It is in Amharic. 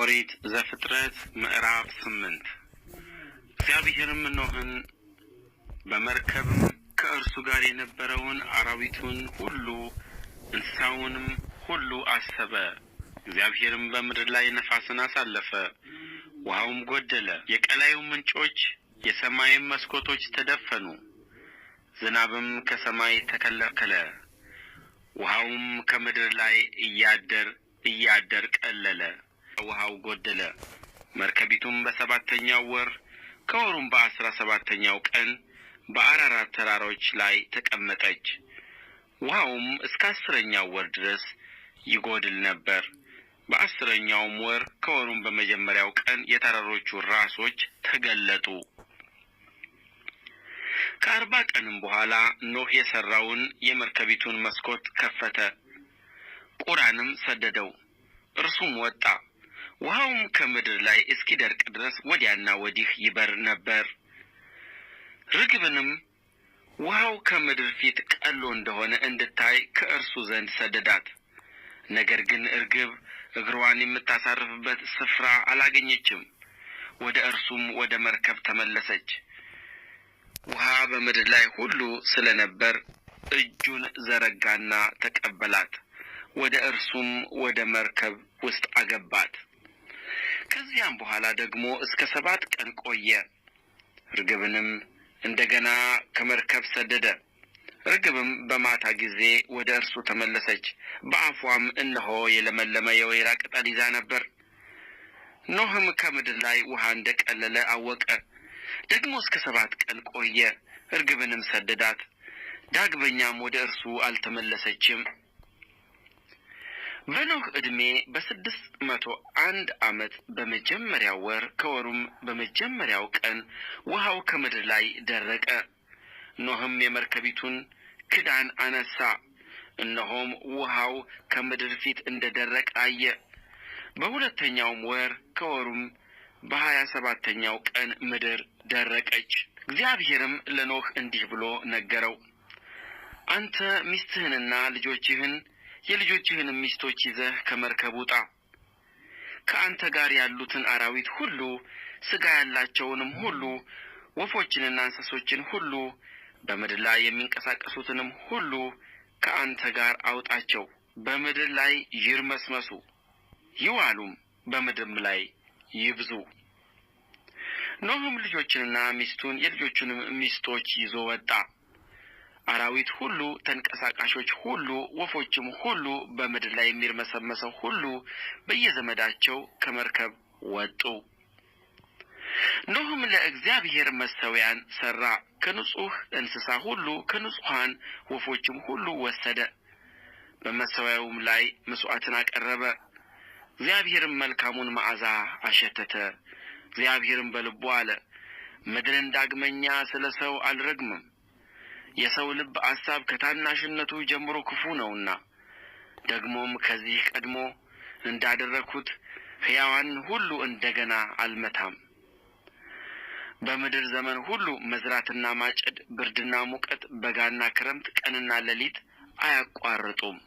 ኦሪት ዘፍጥረት ምዕራፍ ስምንት እግዚአብሔርም ኖህን በመርከብም ከእርሱ ጋር የነበረውን አራዊቱን ሁሉ እንስሳውንም ሁሉ አሰበ። እግዚአብሔርም በምድር ላይ ነፋስን አሳለፈ፣ ውሃውም ጎደለ፣ የቀላዩ ምንጮች የሰማይም መስኮቶች ተደፈኑ፣ ዝናብም ከሰማይ ተከለከለ፣ ውሃውም ከምድር ላይ እያደር እያደር ቀለለ። ውሃው ጎደለ። መርከቢቱም በሰባተኛው ወር ከወሩም በአስራ ሰባተኛው ቀን በአራራት ተራሮች ላይ ተቀመጠች። ውሃውም እስከ አስረኛው ወር ድረስ ይጎድል ነበር። በአስረኛውም ወር ከወሩም በመጀመሪያው ቀን የተራሮቹ ራሶች ተገለጡ። ከአርባ ቀንም በኋላ ኖህ የሠራውን የመርከቢቱን መስኮት ከፈተ፣ ቁራንም ሰደደው፣ እርሱም ወጣ። ውሃውም ከምድር ላይ እስኪደርቅ ድረስ ወዲያና ወዲህ ይበር ነበር። ርግብንም ውሃው ከምድር ፊት ቀሎ እንደሆነ እንድታይ ከእርሱ ዘንድ ሰደዳት። ነገር ግን ርግብ እግሯን የምታሳርፍበት ስፍራ አላገኘችም። ወደ እርሱም ወደ መርከብ ተመለሰች። ውሃ በምድር ላይ ሁሉ ስለ ነበር እጁን ዘረጋና ተቀበላት። ወደ እርሱም ወደ መርከብ ውስጥ አገባት። ከዚያም በኋላ ደግሞ እስከ ሰባት ቀን ቆየ። ርግብንም እንደገና ከመርከብ ሰደደ። ርግብም በማታ ጊዜ ወደ እርሱ ተመለሰች። በአፏም እነሆ የለመለመ የወይራ ቅጠል ይዛ ነበር። ኖህም ከምድር ላይ ውሃ እንደ ቀለለ አወቀ። ደግሞ እስከ ሰባት ቀን ቆየ። ርግብንም ሰደዳት። ዳግመኛም ወደ እርሱ አልተመለሰችም። በኖህ ዕድሜ በስድስት መቶ አንድ ዓመት በመጀመሪያው ወር ከወሩም በመጀመሪያው ቀን ውሃው ከምድር ላይ ደረቀ። ኖህም የመርከቢቱን ክዳን አነሳ፣ እነሆም ውሃው ከምድር ፊት እንደ ደረቀ አየ። በሁለተኛውም ወር ከወሩም በሀያ ሰባተኛው ቀን ምድር ደረቀች። እግዚአብሔርም ለኖህ እንዲህ ብሎ ነገረው፣ አንተ ሚስትህንና ልጆችህን የልጆችህንም ሚስቶች ይዘህ ከመርከብ ውጣ። ከአንተ ጋር ያሉትን አራዊት ሁሉ፣ ሥጋ ያላቸውንም ሁሉ፣ ወፎችንና እንስሶችን ሁሉ፣ በምድር ላይ የሚንቀሳቀሱትንም ሁሉ ከአንተ ጋር አውጣቸው። በምድር ላይ ይርመስመሱ ይዋሉም፣ በምድርም ላይ ይብዙ። ኖኅም ልጆችንና ሚስቱን የልጆቹንም ሚስቶች ይዞ ወጣ። አራዊት ሁሉ፣ ተንቀሳቃሾች ሁሉ፣ ወፎችም ሁሉ፣ በምድር ላይ የሚርመሰመሰው ሁሉ በየዘመዳቸው ከመርከብ ወጡ። ኖህም ለእግዚአብሔር መሠዊያን ሠራ፣ ከንጹሕ እንስሳ ሁሉ ከንጹሐን ወፎችም ሁሉ ወሰደ። በመሠዊያውም ላይ መሥዋዕትን አቀረበ። እግዚአብሔርም መልካሙን መዓዛ አሸተተ። እግዚአብሔርም በልቡ አለ፣ ምድርን ዳግመኛ ስለ ሰው አልረግምም የሰው ልብ አሳብ ከታናሽነቱ ጀምሮ ክፉ ነውና ደግሞም ከዚህ ቀድሞ እንዳደረግሁት ሕያዋን ሁሉ እንደ ገና አልመታም። በምድር ዘመን ሁሉ መዝራትና ማጨድ፣ ብርድና ሙቀት፣ በጋና ክረምት፣ ቀንና ሌሊት አያቋርጡም።